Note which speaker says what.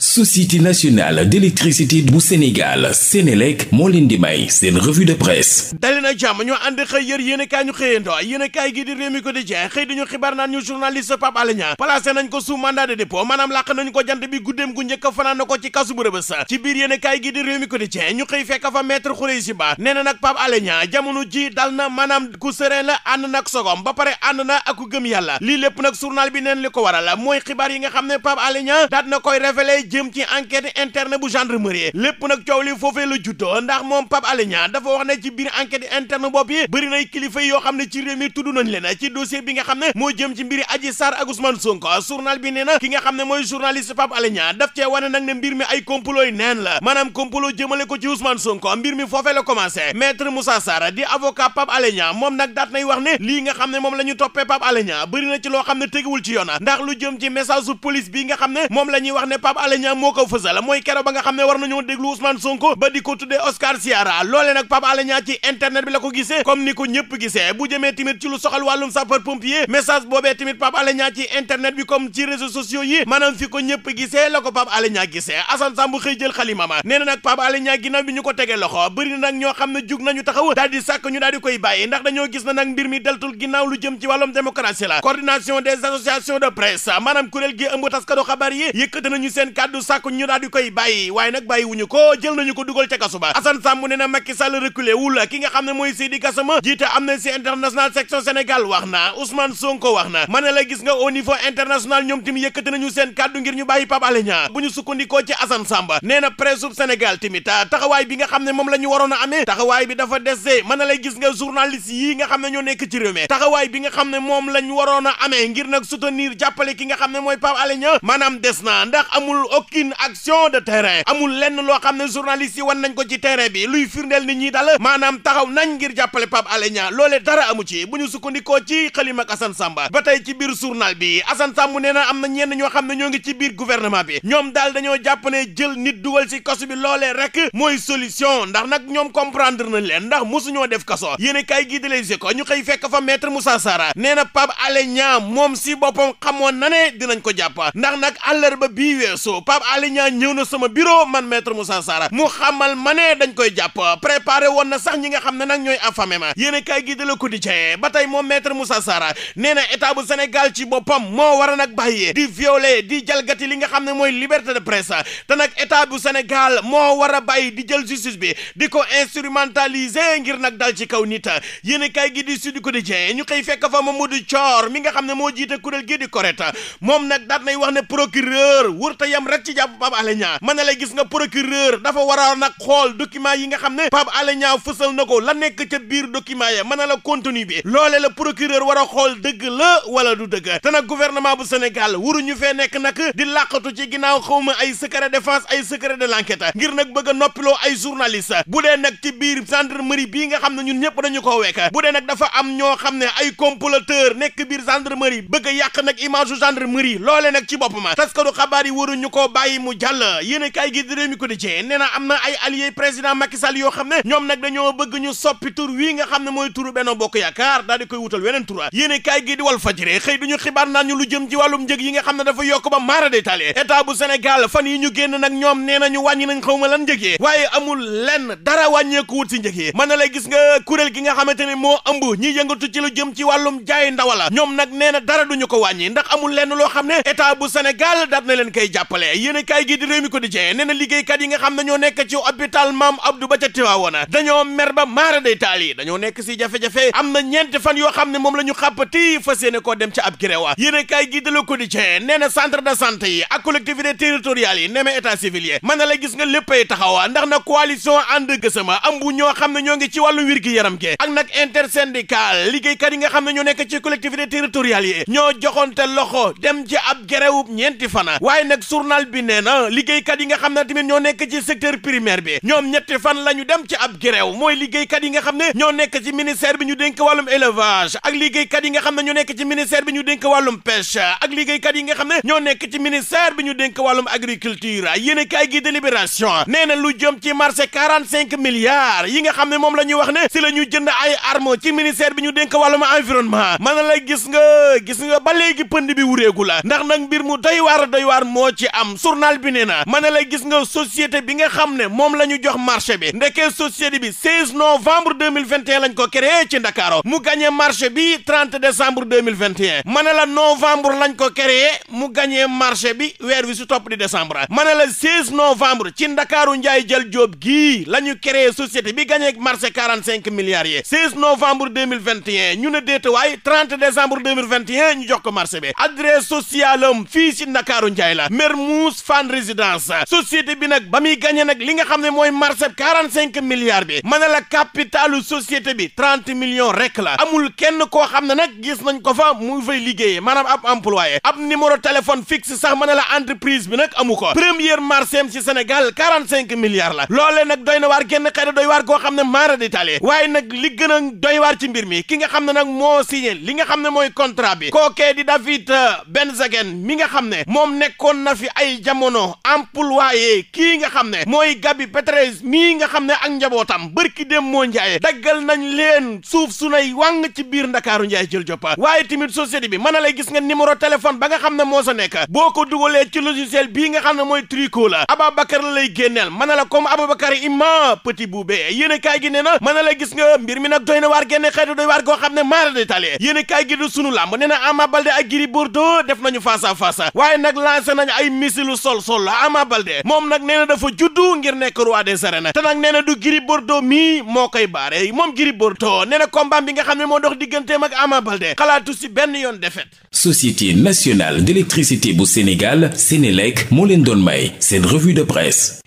Speaker 1: société nationale d'électricité bu Sénégal Sénélec moo leen di may seen revue de presse dali na jàmm ñoo ànd xëy yër yéenekaay ñu xëyando yéenekaay gi di Rewmi Quotidien xëy dañu xibaar naan ñu journaliste Pape Alé Niang placé nañ ko sous de dépôt maanaam làq nañu ko jant bi guddeem gu njëkk fanaan ko ci kasu bu ci biir yéenekaay gi di Rewmi Quotidien ñu xëy fekk fa maître Khoureyssi Ba nee nag Pape Alé Niang jamono ji dal nag sogom ku jëm ci enquête interne bu gendarmerie lépp nag coow li foofee la juddoo ndax moom Pape Alé Niang dafa wax ne ci biir enquête interne bopp yi bëri nay kilifa yoo xam ne ci réew mi tudd nañ leen ci dossier bi nga xam ne moo jëm ci mbiri Adji Sarr ak Ousmane Sonko journal bi nee na ki nga xam ne mooy journaliste Pape Alé Niang daf cee wane nag ne mbir mi ay complot yi neen la maanaam complot jëmale ko ci Ousmane Sonko mbir mi foofee la commencé maître Moussa Sarr wax ne lii nga xam ne moom la ñu toppee Pape loo xam ne tegiwul ci yoon ndax lu jëm ci message nga xam ne moom la ñuy wax ne Mbaye moo ko fësal mooy keroog ba nga xam ne war nañoo déglu Ousmane Sonko ba di ko tuddee Oscar Siara loolee nag Pape Alé Niang ci internet bi la ko gisee comme ni ko ñëpp gisee bu jëmee tamit ci lu soxal wàllum sapeur pompier message boobee tamit Pape Alé Niang ci internet bi comme ci réseaux sociaux yi maanaam fi ko ñëpp gisee la ko Pape Alé Niang gisee Assane Samb xëy jël xalima ma nee na nag Pape Alé Niang ginnaaw bi ñu ko tegee loxo bëri nag ñoo xam ne jug nañu addu sàkku ñu daal di koy bàyyi waaye nag bàyyi wuñu ko jël nañu ko dugal ca kaso ba Assane Samb ne na Macky Sall reculé wul ki nga xam ne mooy Seydi Gassama jiite Amnesty International section Sénégal wax na Ousmane Sonko wax na ma ne la gis nga au niveau ñoom tamit yëkkati nañu seen kàddu ngir ñu bàyyi Pape Alé Niang bu ñu sukkandikoo ci Assane Samb nee na presse sub Sénégal tamit taxawaay bi a amee taxawaay bi dafa la gis nga journaliste yi nga xam ne ñoo nekk moom lañ waroon a amee ngir ki nga xam ne mooy Pape Alé Niang aucune action de terrain amul lenn loo xam ne journaliste yi wan nañ ko ci terrain bi luy firndeel nit ñi dal maanaam taxaw nañ ngir jàppale Pape Alé Niang loolee dara amu ci bu ñu sukkandikoo ci xalim ak Assane Samba ba tey ci biir journal bi Assane Samba nee na am na ñenn ñoo xam ne ñoo ngi ci biir gouvernement bi ñoom daal dañoo jàpp ne jël nit dugal ci kaso bi loolee rek mooy solution ndax nag ñoom comprendre nañ leen ndax mosuñoo def kaso yéen kay gi di Les Échos fekk fa maître Moussa nee na Pape Alé Niang moom si boppam xamoon na dinañ ko jàpp ndax bureau Pape Alé Niang ñëw na sama bureau man maître Moussa saara mu xamal ma ne dañ koy jàpp préparé woon na sax ñi nga xam ne nag ñooy affamé ma yéen a kaay gi de Le Quotidien ba tey moo maître Moussa saara nee na état bu Sénégal ci boppam moo war a nag bàyyi di viole di jalgati li nga xam ne mooy liberté de presse te nag état bu Sénégal moo war a bàyyi di jël justice bi di ko instrumentaliser ngir nag dal ci kaw nit yéen a kaay gi di Sud Quotidien ñu xëy fekk fa Mamadou Thior mi nga xam ne moo jiite kuréel gi di correct nag daat nay wax ne procureur wër yam rek ci jàpp Pape Alé Niang mën na lay gis nga procureur dafa war a nag xool document yi nga xam ne Pape Alé Niang fësal na ko la nekk ca biir document ya mën na la contenu bi loole la procureur war a xool dëgg la wala du dëgg te nag gouvernement bu Sénégal ñu fee nekk nag di làqatu ci ginnaaw xawma ay secret défense ay secret de l'enquête ngir nag bëgg a noppiloo ay journaliste bu dee nag ci biir gendarmerie bii nga xam ne ñun ñëpp dañu ko wekk bu dee nag dafa am ñoo xam ne ay comploteur nekk biir gendarmerie bëgg a yàq nag image gendarmerie loole nag ci boppam taskatu xabaar yi koo bàyyi mu jàll yéen kaay gi di Rewmi Quotidien nee na am na ay alliés président Macky Sall yoo xam ne ñoom nag dañoo bëgg ñu soppi tur wii nga xam ne mooy turu Benno Bokk Yaakaar daal di koy wutal weneen tur yéen kaay gi wal Walf Fadjri xëy ñu xibaar naan ñu lu jëm ci wàllum njëg yi nga xam ne dafa yokk ba maara détaillé état bu Sénégal fan yi ñu génn nag ñoom nee nañu wàññi nañ xaw ma lan njëg yi waaye amul lenn dara wàññeeku wut si njëg yi mën na lay gis nga kuréel gi nga xamante ni moo ëmb ñi yëngatu ci lu jëm ci wàllum jaay ndawala ñoom nag nee na dara ko wàññi ndax amul lenn loo xam ne état bu Sénégal daat na leen koy jàppale yéen kaay gi di réew mi ko di jee nee na liggéeykat yi nga xam ne ñoo nekk ci hôpital Maam Abdou ba ca Tiwaawoon dañoo mer ba maara day taal dañoo nekk si jafe-jafe am na ñeenti fan yoo xam ne moom la ñu xàppati fas yéene koo dem ci ab gréwa yéen kaay gi de la ko di jee nee na centre de santé yi ak collectivité territoriale yi neme état civil yi mën na la gis nga léppay taxawa ndax na coalition ànd gësama am bu ñoo xam ne ñoo ngi ci wàllu wér gi yaram gi ak nag intersyndical liggéeykat yi nga xam ne ñoo nekk ci collectivité territoriale yi ñoo joxonte loxo dem ci ab gréwub ñeenti fana waaye nag journal nee na liggéeykat yi nga xam ne tamit ñoo nekk ci secteur primaire bi ñoom ñetti fan lañu dem ci ab gréew mooy liggéeykat yi nga xam ne ñoo nekk ci ministère bi ñu dénk wàllum élevage ak liggéeykat yi nga xam ne ñoo nekk ci ministère bi ñu dénk wàllum pêche ak liggéeykat yi nga xam ne ñoo nekk ci ministère bi ñu dénk wàllum agriculture yéen a kaay gi délibération nee na lu jëm ci marché 45 milliards yi nga xam ne moom la ñuy wax ne si la ñu jënd ay armes ci ministère bi ñu dénk wàllum environnement mën na la gis nga gis nga ba léegi pënd bi wuréegu la ndax nag mbir mu doy waar doy waar moo ci am am bi nee na ma ne la gis nga société bi nga xam ne moom la ñu jox marché bi ndekee société bi 16 novembre 2021 lañ ko créé ci Ndakaaru mu gagné marché bi 30 décembre 2021 ma ne la novembre lañ ko créé mu gagné marché bi weer wi su topp di décembre ma ne la 16 novembre ci Ndakaaru Njaay jël Jóob gii la ñu créé société bi gagné marché 45 milliards yi 16 novembre 2021 ñu ne déet waay 30 décembre 2021 ñu jox ko marché bi adresse sociale fii si Ndakaaru Njaay la mer douze fan résidence société bi nag ba muy gagné nag li nga xam ne mooy marché quarante cinq milliards bi mën na la capitalu société bi trente millions rek la amul kenn koo xam ne nag gis nañ ko fa mu fay liggéeyee maanaam ab employé ab numéro téléphone fixe sax ma na la entreprise bi nag amu ko première marché am ci Sénégal quarante cinq milliards la loole nag doy na waar génn xëy na doy waar koo xam ne maara di tale waaye nag li gën a doy waar ci mbir mi ki nga xam ne nag moo signé li nga xam ne mooy contrat bi kookee di David Benzagen mi nga xam ne moom nekkoon na fi ay ay jamono employé kii nga xam ne mooy Gabi Petres mii nga xam ne ak njabootam bërki dem moo njaaye daggal nañ leen suuf su nay wàng ci biir ndakaaru njaay jël joppa waaye tamit société bi mën na lay gis nga numéro téléphone ba nga xam ne moo sa nekk boo ko dugalee ci logiciel bii nga xam ne mooy Trico la Ababacar la lay génneel mën na la comme Ababacar Ima petit boubé yéen kaay gi nee na mën na la gis nga mbir mi nag doy na waar génne xeetu doy waar goo xam ne maara détaillé yéen kaay gi du sunu misilu sol sol la Ama Baldé moom nag nee na dafa juddu ngir nekk roi des arènes te na du Gris Bordeaux mii moo koy baare moom Gris Bordeaux nee na combat bi nga xam ne moo dox digganteem ak Ama xalaatu si benn yoon défaite. Société nationale d'électricité bu Sénégal Sénélec moo leen doon may seen revue de presse.